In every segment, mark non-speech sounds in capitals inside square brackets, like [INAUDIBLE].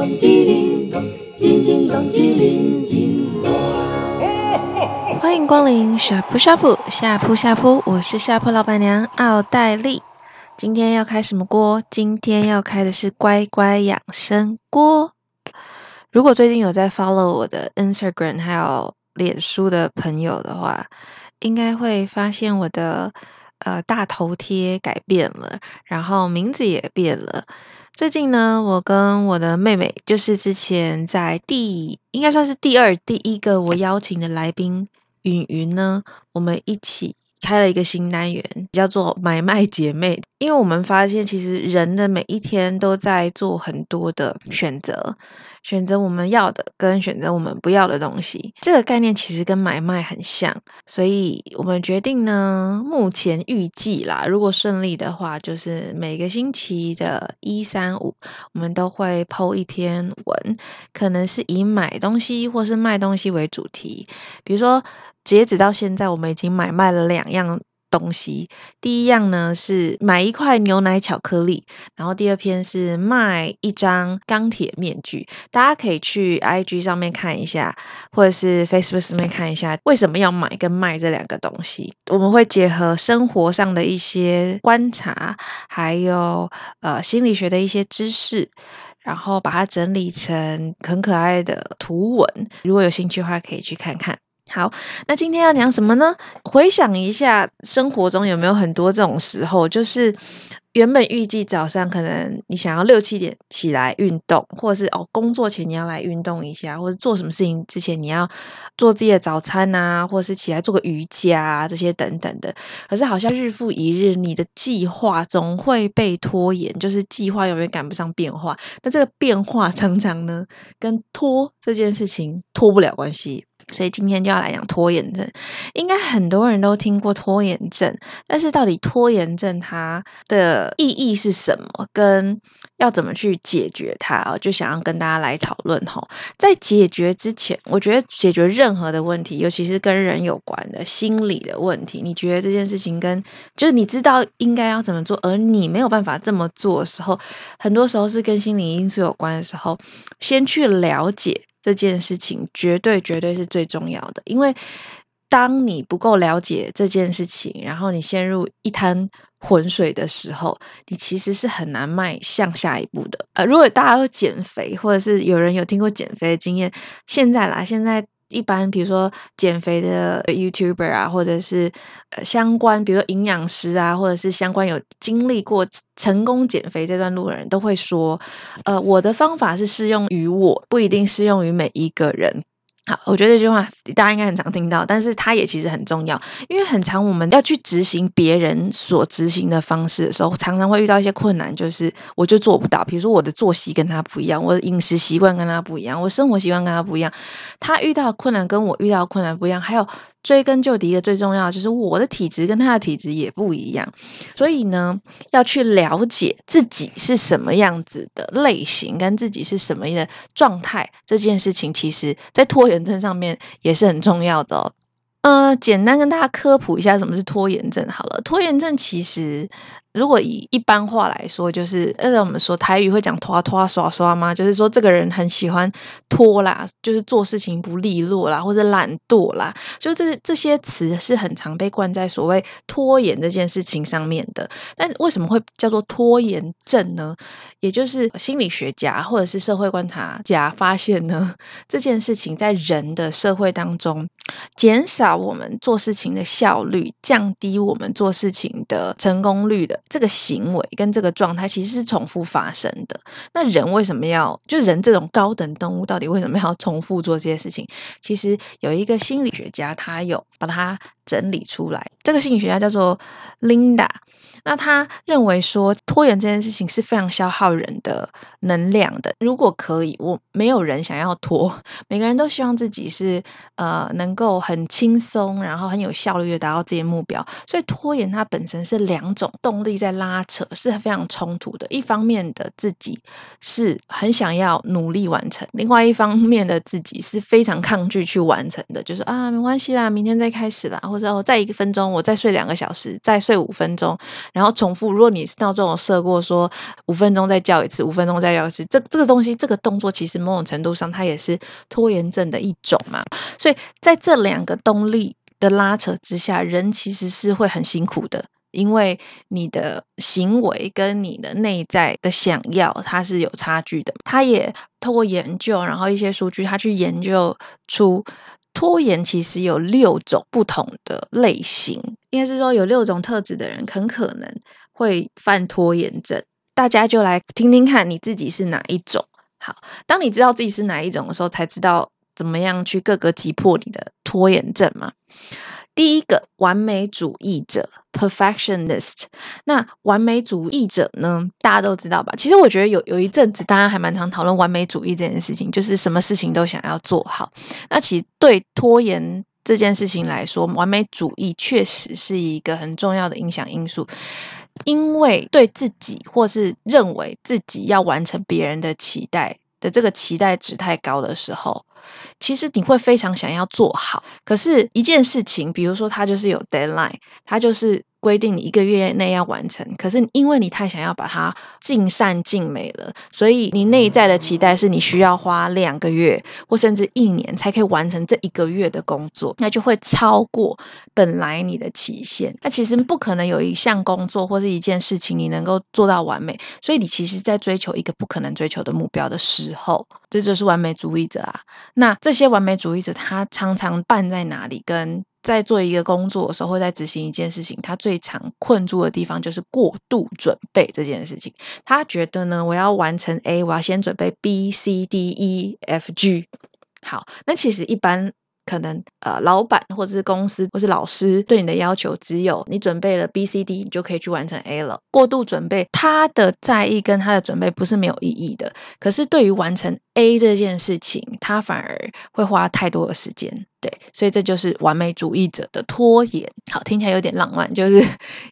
歡迎光臨，呷哺呷哺，呷哺呷哺，我是呷哺老闆娘奧黛麗。今天要開什麼鍋？今天要開的是乖乖養生鍋。如果最近有在 follow 我的 Instagram 還有臉書的朋友的話，應該會發現我的，呃，大頭貼改變了，然後名字也變了。最近呢，我跟我的妹妹，就是之前在第應該算是第二第一個我邀請的來賓芸芸呢，我們一起開了一個新單元，叫做《買賣姐妹》。因為我們發現，其實人的每一天都在做很多的選擇，選擇我們要的跟選擇我們不要的東西。這個概念其實跟買賣很像，所以我們決定呢，目前預計啦，如果順利的話，就是每個星期的一三五，我們都會 po 一篇文，可能是以買東西或是賣東西為主題。比如說，截止到現在，我們已經買賣了兩樣。東西，第一樣呢是買一塊牛奶巧克力，然後第二篇是賣一張鋼鐵面具。大家可以去 IG 上面看一下，或者是 Facebook 上面看一下，為什麼要買跟賣這兩個東西？我們會結合生活上的一些觀察，還有呃心理學的一些知識，然後把它整理成很可愛的圖文。如果有興趣的話，可以去看看。好，那今天要講什麼呢？回想一下生活中有沒有很多這種時候，就是原本預計早上可能你想要六七點起來運動，或者是哦工作前你要來運動一下，或者是做什麼事情之前你要做自己的早餐啊，或者是起來做個瑜伽啊這些等等的。可是好像日復一日，你的計劃總會被拖延，就是計劃永遠趕不上變化。那這個變化常常呢，跟拖這件事情脫不了關係。所以今天就要來講拖延症，應該很多人都聽過拖延症，但是到底拖延症它的意義是什麼，跟要怎麼去解決它，就想要跟大家來討論吼。在解決之前，我覺得解決任何的問題，尤其是跟人有關的心理的問題，你覺得這件事情跟，就是你知道應該要怎麼做，而你沒有辦法這麼做的時候，很多時候是跟心理因素有關的時候，先去了解。這件事情絕對絕對是最重要的，因為當你不夠了解這件事情，然後你陷入一灘渾水的時候，你其實是很難邁向下一步的。呃，如果大家要減肥，或者是有人有聽過減肥的經驗，現在啦，現在。一般，比如說減肥的 YouTuber 啊，或者是呃相關，比如說營養師啊，或者是相關有經歷過成功減肥這段路的人，都會說，呃，我的方法是適用於我，不一定適用於每一個人。好，我覺得這句話大家應該很常聽到，但是它也其實很重要，因為很常我們要去執行別人所執行的方式的時候，常常會遇到一些困難，就是我就做不到。比如說我的作息跟他不一樣，我的飲食習慣跟他不一樣，我生活習慣跟他不一樣，他遇到的困難跟我遇到的困難不一樣，還有。追根究底的最重要就是我的體質跟他的體質也不一樣，所以呢，要去了解自己是什麼樣子的類型，跟自己是什麼樣的狀態，這件事情其實，在拖延症上面也是很重要的哦。呃，簡單跟大家科普一下什麼是拖延症好了，拖延症其實。如果以一般話來說，就是呃，我們說台語會講拖拖耍耍嗎？就是說這個人很喜歡拖啦，就是做事情不利落啦，或者懶惰啦，就是這這些詞是很常被冠在所謂拖延這件事情上面的。但為什麼會叫做拖延症呢？也就是心理學家或者是社會觀察家發現呢，這件事情在人的社會當中，減少我們做事情的效率，降低我們做事情的成功率的。這個行為跟這個狀態其實是重複發生的。那人為什麼要，就人這種高等動物，到底為什麼要重複做這些事情？其實有一個心理學家，他有把它整理出來。這個心理學家叫做 Linda，那他認為說，拖延這件事情是非常消耗人的能量的。如果可以，我沒有人想要拖，每個人都希望自己是呃能夠很輕鬆，然後很有效率的達到這些目標。所以拖延它本身是兩種動力。在拉扯，是非常衝突的。一方面的自己是很想要努力完成，另外一方面的自己是非常抗拒去完成的。就是啊，沒關係啦，明天再開始啦，或者我、哦、再一個分鐘，我再睡兩個小時，再睡五分鐘，然後重複。如果你鬧鐘設過說五分鐘再叫一次，五分鐘再叫一次，這這個東西，這個動作其實某種程度上它也是拖延症的一種嘛。所以在這兩個動力的拉扯之下，人其實是會很辛苦的。因為你的行為跟你的內在的想要，它是有差距的。他也透過研究，然後一些數據，他去研究出拖延其實有六種不同的類型。應該是說，有六種特質的人很可能會犯拖延症。大家就來聽聽看，你自己是哪一種？好，當你知道自己是哪一種的時候，才知道怎麼樣去各個擊破你的拖延症嘛。第一個完美主義者 perfectionist，那完美主義者呢？大家都知道吧？其實我覺得有有一陣子，大家還蠻常討論完美主義這件事情，就是什麼事情都想要做好。那其實對拖延這件事情來說，完美主義確實是一個很重要的影響因素，因為對自己或是認為自己要完成別人的期待的這個期待值太高的時候。其實你會非常想要做好，可是一件事情，比如說它就是有 deadline，它就是。規定你一個月內要完成，可是因為你太想要把它盡善盡美了，所以你內在的期待是你需要花兩個月或甚至一年才可以完成這一個月的工作，那就會超過本來你的期限。那其實不可能有一項工作或是一件事情你能夠做到完美，所以你其實，在追求一個不可能追求的目標的時候，這就是完美主義者啊。那這些完美主義者他常常絆在哪裡？跟在做一個工作的時候，會在執行一件事情。他最常困住的地方就是過度準備這件事情。他覺得呢，我要完成 A，我要先準備 B、C、D、E、F、G。好，那其實一般。可能呃，老闆或者是公司，或是老師對你的要求，只有你準備了 B、C、D，你就可以去完成 A 了。過度準備，他的在意跟他的準備不是沒有意義的，可是對於完成 A 這件事情，他反而會花太多的時間。對，所以這就是完美主義者的拖延。好，聽起來有點浪漫，就是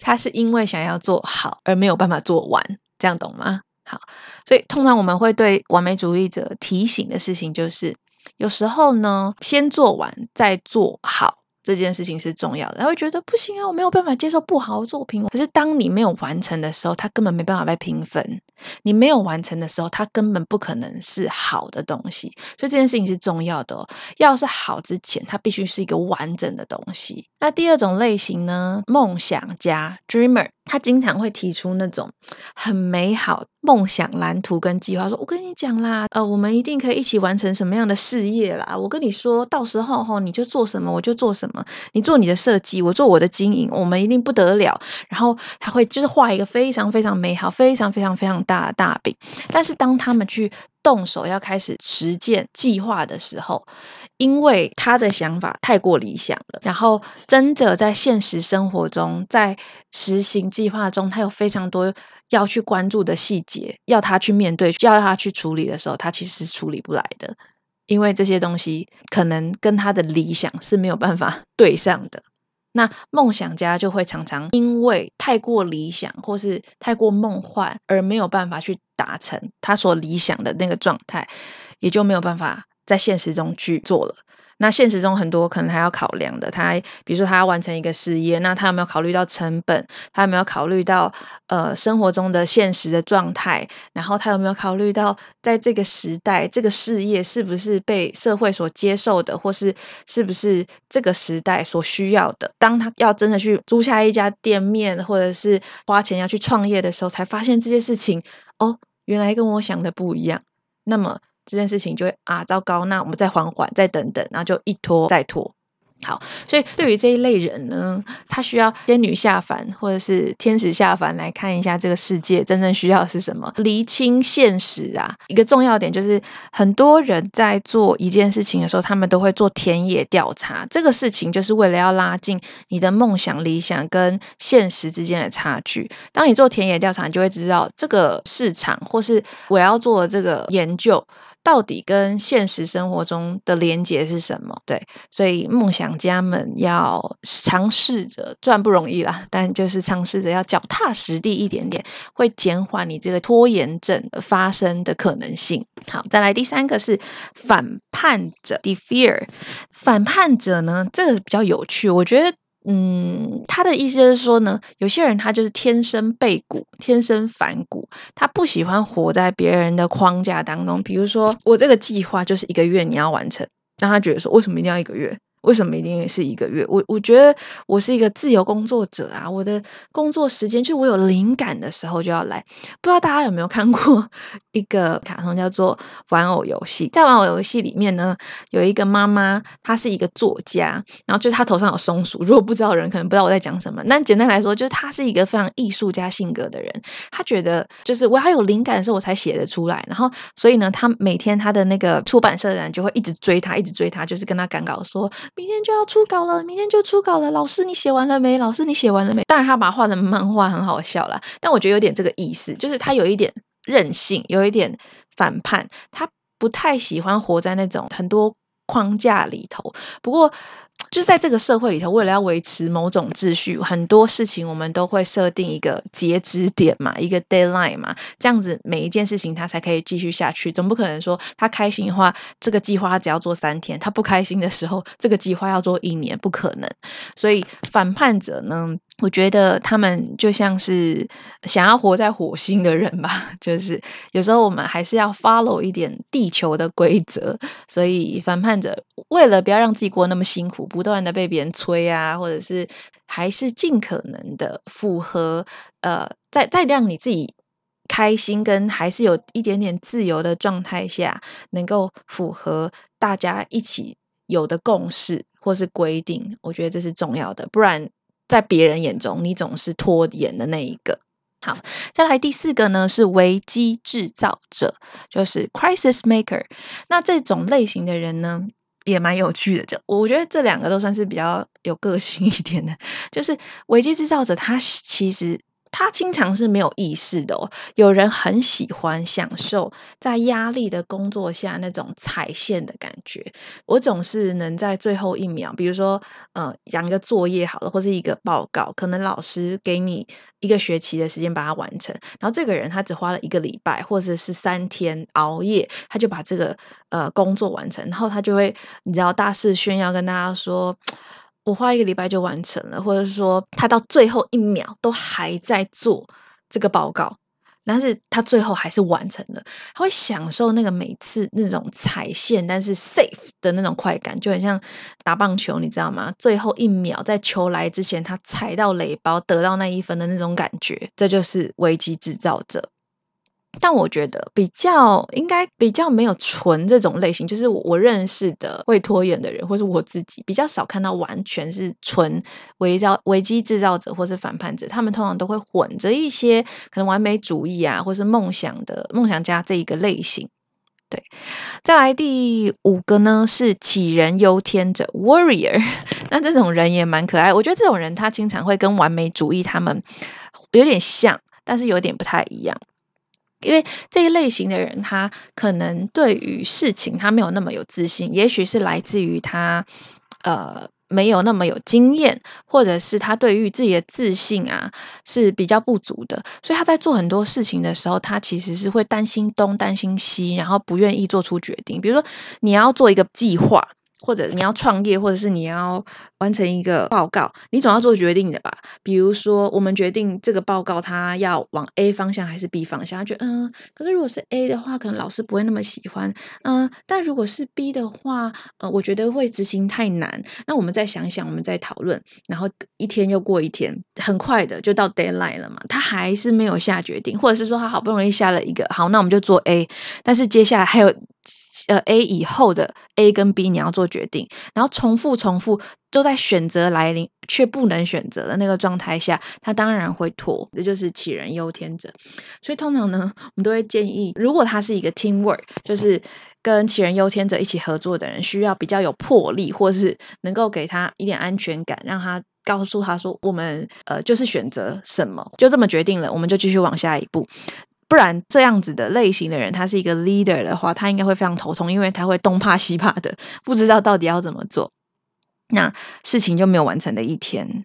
他是因為想要做好而沒有辦法做完，這樣懂嗎？好，所以通常我們會對完美主義者提醒的事情就是。有時候呢，先做完再做好這件事情是重要的。他會覺得不行啊，我沒有辦法接受不好的作品。可是當你沒有完成的時候，它根本沒辦法被評分。你沒有完成的時候，它根本不可能是好的東西。所以這件事情是重要的哦。要是好之前，它必須是一個完整的東西。那第二種類型呢，夢想家 （dreamer）。他經常會提出那種很美好夢想藍圖跟計劃，說，我跟你講啦，呃，我們一定可以一起完成什麼樣的事業啦。我跟你說，到時候吼，你就做什麼，我就做什麼，你做你的設計，我做我的經營，我們一定不得了。然後他會就是畫一個非常非常美好，非常非常非常大的大餅，但是當他們去動手要開始實踐計劃的時候，因為他的想法太過理想了，然後真的在現實生活中，在實行計劃中，他有非常多要去關注的細節，要他去面對，要他去處理的時候，他其實是處理不來的，因為這些東西可能跟他的理想是沒有辦法對上的。那夢想家就會常常因為太過理想或是太過夢幻，而沒有辦法去達成他所理想的那個狀態，也就沒有辦法在現實中去做了。那現實中很多可能還要考量的，他比如說他要完成一個事業，那他有沒有考慮到成本？他有沒有考慮到呃生活中的現實的狀態？然後他有沒有考慮到在這個時代，這個事業是不是被社會所接受的，或是是不是這個時代所需要的？當他要真的去租下一家店面，或者是花錢要去創業的時候，才發現這些事情哦，原來跟我想的不一樣。那麼。這件事情就會啊糟糕，那我們再緩緩，再等等，然後就一拖再拖。好，所以對於這一類人呢，他需要仙女下凡或者是天使下凡來看一下這個世界真正需要的是什麼，釐清現實啊。一個重要點就是，很多人在做一件事情的時候，他們都會做田野調查。這個事情就是為了要拉近你的夢想、理想跟現實之間的差距。當你做田野調查，你就會知道這個市場或是我要做的這個研究。到底跟現實生活中的連結是什麼？對，所以夢想家們要嘗試着，賺不容易啦，但就是嘗試着要腳踏實地一點點，會減緩你這個拖延症的發生的可能性。好，再來第三個是反叛者 （defier）。反叛者呢，這個比較有趣，我覺得。嗯，他的意思是說呢，有些人他就是天生背骨，天生反骨，他不喜歡活在別人的框架當中。比如說，我這個計劃就是一個月你要完成，讓他覺得說，為什麼一定要一個月？為什麼一定是一個月？我我覺得我是一個自由工作者啊，我的工作時間就是我有靈感的時候就要來。不知道大家有沒有看過一個卡通叫做《玩偶遊戲》？在《玩偶遊戲》裡面呢，有一個媽媽，她是一個作家，然後就是她頭上有松鼠。如果不知道的人，可能不知道我在講什麼。但簡單來說，就是她是一個非常藝術家性格的人。她覺得就是我要有靈感的時候，我才寫得出來。然後所以呢，她每天她的那個出版社的人就會一直追她，一直追她，就是跟她趕稿說。明天就要出稿了，明天就出稿了。老師，你寫完了沒？老師，你寫完了沒？當然，他把畫的漫畫很好笑啦，但我覺得有點這個意思，就是他有一點任性，有一點反叛，他不太喜歡活在那種很多框架裡頭。不過。就是在這個社會裡頭，為了要維持某種秩序，很多事情我們都會設定一個截止點嘛，一個 deadline 嘛，這樣子每一件事情他才可以繼續下去。總不可能說他開心的話，這個計劃只要做三天；他不開心的時候，這個計劃要做一年，不可能。所以反叛者呢。我覺得他們就像是想要活在火星的人吧，就是有時候我們還是要 follow 一點地球的規則，所以反叛者為了不要讓自己過那麼辛苦，不斷的被別人催啊，或者是還是盡可能的符合呃，在在讓你自己開心跟還是有一點點自由的狀態下，能夠符合大家一起有的共識或是規定，我覺得這是重要的，不然。在別人眼中，你總是拖延的那一個。好，再來第四個呢，是危機製造者，就是 crisis maker。那這種類型的人呢，也蠻有趣的。就我覺得這兩個都算是比較有個性一點的。就是危機製造者，他其實。他經常是沒有意識的哦。有人很喜歡享受在壓力的工作下那種踩線的感覺。我總是能在最後一秒，比如說，呃，講一個作業好了，或是一個報告，可能老師給你一個學期的時間把它完成。然後這個人他只花了一個禮拜，或者是三天熬夜，他就把這個呃工作完成。然後他就會，你知道，大肆宣揚跟大家說。我花一個禮拜就完成了，或者是說他到最後一秒都還在做這個報告，但是他最後還是完成了。他會享受那個每次那種踩線但是 safe 的那種快感，就很像打棒球，你知道嗎？最後一秒在球來之前他踩到壘包，得到那一分的那種感覺，這就是危機製造者。但我覺得比較應該比較沒有純這種類型，就是我，我認識的會拖延的人，或是我自己比較少看到完全是純圍繞危機製造者或是反叛者，他們通常都會混着一些可能完美主義啊，或是夢想的夢想家這一個類型。對，再來第五個呢是杞人憂天者 （Warrior）， [LAUGHS] 那這種人也蠻可愛。我覺得這種人他經常會跟完美主義他們有點像，但是有點不太一樣。因為這一類型的人，他可能對於事情他沒有那麼有自信，也許是來自於他，呃，沒有那麼有經驗，或者是他對於自己的自信啊是比較不足的，所以他在做很多事情的時候，他其實是會擔心東擔心西，然後不願意做出決定。比如說，你要做一個計劃。或者你要創業，或者是你要完成一個報告，你總要做決定的吧？比如說，我們決定這個報告它要往 A 方向還是 B 方向。他覺得嗯，可是如果是 A 的話，可能老師不會那麼喜歡。嗯，但如果是 B 的話，呃，我覺得會執行太難。那我們再想想，我們再討論。然後一天又過一天，很快的就到 deadline 了嘛。他還是沒有下決定，或者是說他好不容易下了一個，好，那我們就做 A。但是接下來還有。呃，A 以後的 A 跟 B，你要做決定，然後重複重複就在選擇來臨卻不能選擇的那個狀態下，他當然會拖，這就是杞人憂天者。所以通常呢，我們都會建議，如果他是一個 teamwork，就是跟杞人憂天者一起合作的人，需要比較有魄力，或是能夠給他一點安全感，讓他告訴他說，我們呃就是選擇什麼，就這麼決定了，我們就繼續往下一步。不然這樣子的類型的人，他是一個 leader 的話，他應該會非常頭痛，因為他會東怕西怕的，不知道到底要怎麼做，那事情就沒有完成的一天。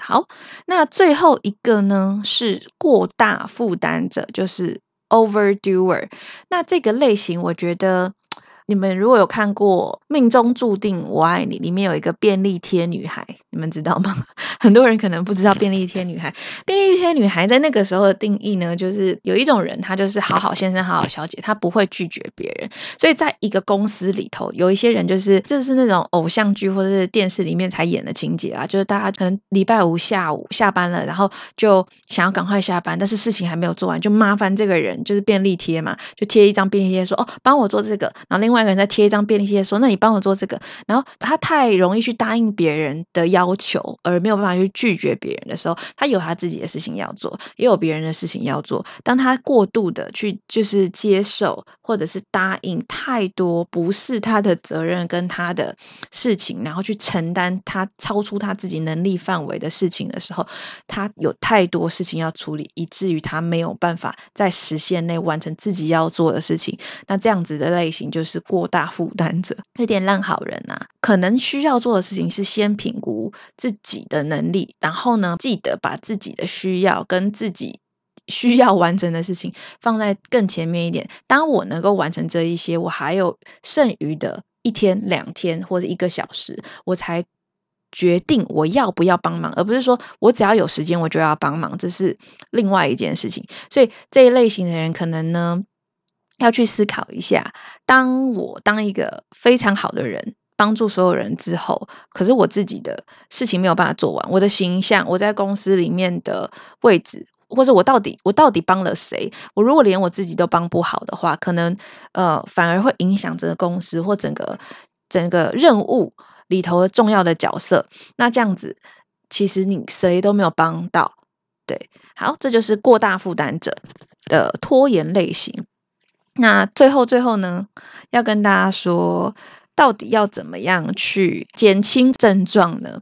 好，那最後一個呢是過大負擔者，就是 overdoer。那這個類型，我覺得。你們如果有看過《命中注定我愛你》，裡面有一個便利貼女孩，你們知道嗎？很多人可能不知道便利貼女孩。便利貼女孩在那個時候的定義呢，就是有一種人，她就是好好先生、好好小姐，她不會拒絕別人。所以在一個公司裡頭，有一些人就是這是那種偶像劇或者是電視裡面才演的情節啊，就是大家可能禮拜五下午下班了，然後就想要趕快下班，但是事情還沒有做完，就麻煩這個人，就是便利貼嘛，就貼一張便利貼說：“哦，幫我做這個。”然後另外。那個人在貼一張便利貼說：“那你幫我做這個。”然後他太容易去答應別人的要求，而沒有辦法去拒絕別人的時候，他有他自己的事情要做，也有別人的事情要做。當他過度的去就是接受或者是答應太多不是他的責任跟他的事情，然後去承擔他超出他自己能力範圍的事情的時候，他有太多事情要處理，以至於他沒有辦法在時限內完成自己要做的事情。那這樣子的類型就是。過大負擔者，有點爛好人啊，可能需要做的事情是先評估自己的能力，然後呢，記得把自己的需要跟自己需要完成的事情放在更前面一點。當我能夠完成這一些，我還有剩餘的一天、兩天或者一個小時，我才決定我要不要幫忙，而不是說我只要有時間我就要幫忙，這是另外一件事情。所以這一類型的人可能呢，要去思考一下，當我當一個非常好的人，幫助所有人之後，可是我自己的事情沒有辦法做完，我的形象，我在公司裡面的位置，或者我到底我到底幫了誰？我如果連我自己都幫不好的話，可能呃反而會影響這個公司或整個整個任務裡頭的重要的角色。那這樣子，其實你誰都沒有幫到，對，好，這就是過大負擔者的拖延類型。那最後最後呢，要跟大家說，到底要怎麼樣去減輕症狀呢？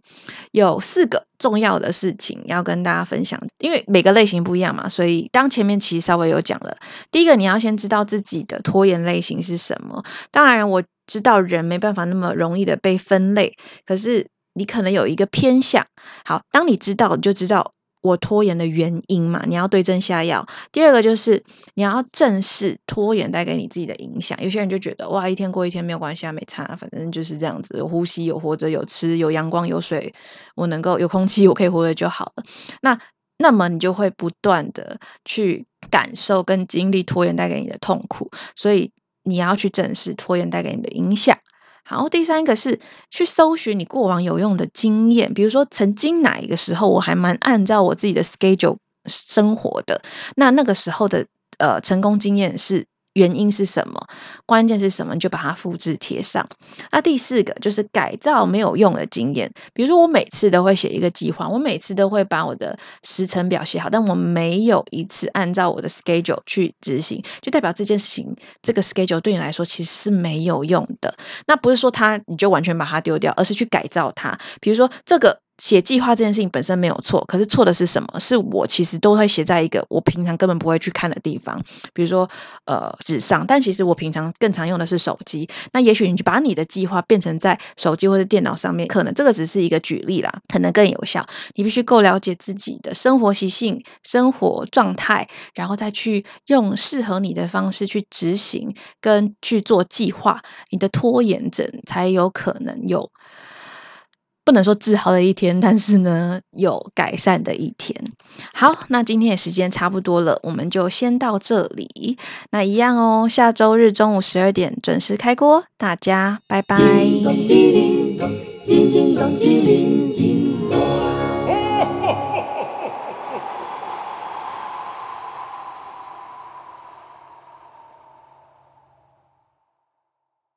有四個重要的事情要跟大家分享，因為每個類型不一樣嘛，所以剛前面其實稍微有講了。第一個，你要先知道自己的拖延類型是什麼。當然，我知道人沒辦法那麼容易的被分類，可是你可能有一個偏向。好，當你知道，就知道我拖延的原因嘛，你要對症下藥。第二個就是你要正視拖延帶給你自己的影響。有些人就覺得哇，一天過一天沒有關係啊，沒差，反正就是這樣子，有呼吸，有活着，有吃，有陽光，有水，我能夠有空氣，我可以活着就好了。那那麼你就會不斷的去感受跟經歷拖延帶給你的痛苦，所以你要去正視拖延帶給你的影響。然後第三個是去搜尋你過往有用的經驗，比如說曾經哪一個時候我還蠻按照我自己的 schedule 生活的，那那個時候的呃成功經驗是。原因是什麼？關鍵是什麼？你就把它複製貼上。那第四個就是改造沒有用的經驗，比如說我每次都會寫一個計劃，我每次都會把我的時程表寫好，但我沒有一次按照我的 schedule 去執行，就代表這件事情這個 schedule 對你來說其實是沒有用的。那不是說它你就完全把它丟掉，而是去改造它。比如說這個。寫計劃這件事情本身沒有錯，可是錯的是什麼？是我其實都會寫在一個我平常根本不會去看的地方，比如說呃紙上。但其實我平常更常用的是手機。那也許你就把你的計劃變成在手機或者電腦上面，可能這個只是一個舉例啦，可能更有效。你必須夠了解自己的生活習性、生活狀態，然後再去用適合你的方式去執行跟去做計劃，你的拖延症才有可能有，不能說治好的一天，但是呢，有改善的一天。好，那今天的時間差不多了，我們就先到這裡。那一樣哦，下周日中午十二點準時開鍋，大家拜拜。